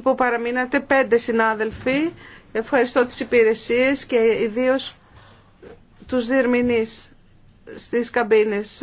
που παραμείνατε, πέντε συνάδελφοι. Ευχαριστώ τις υπηρεσίες και ιδίως τους διερμηνείς στις καμπίνες.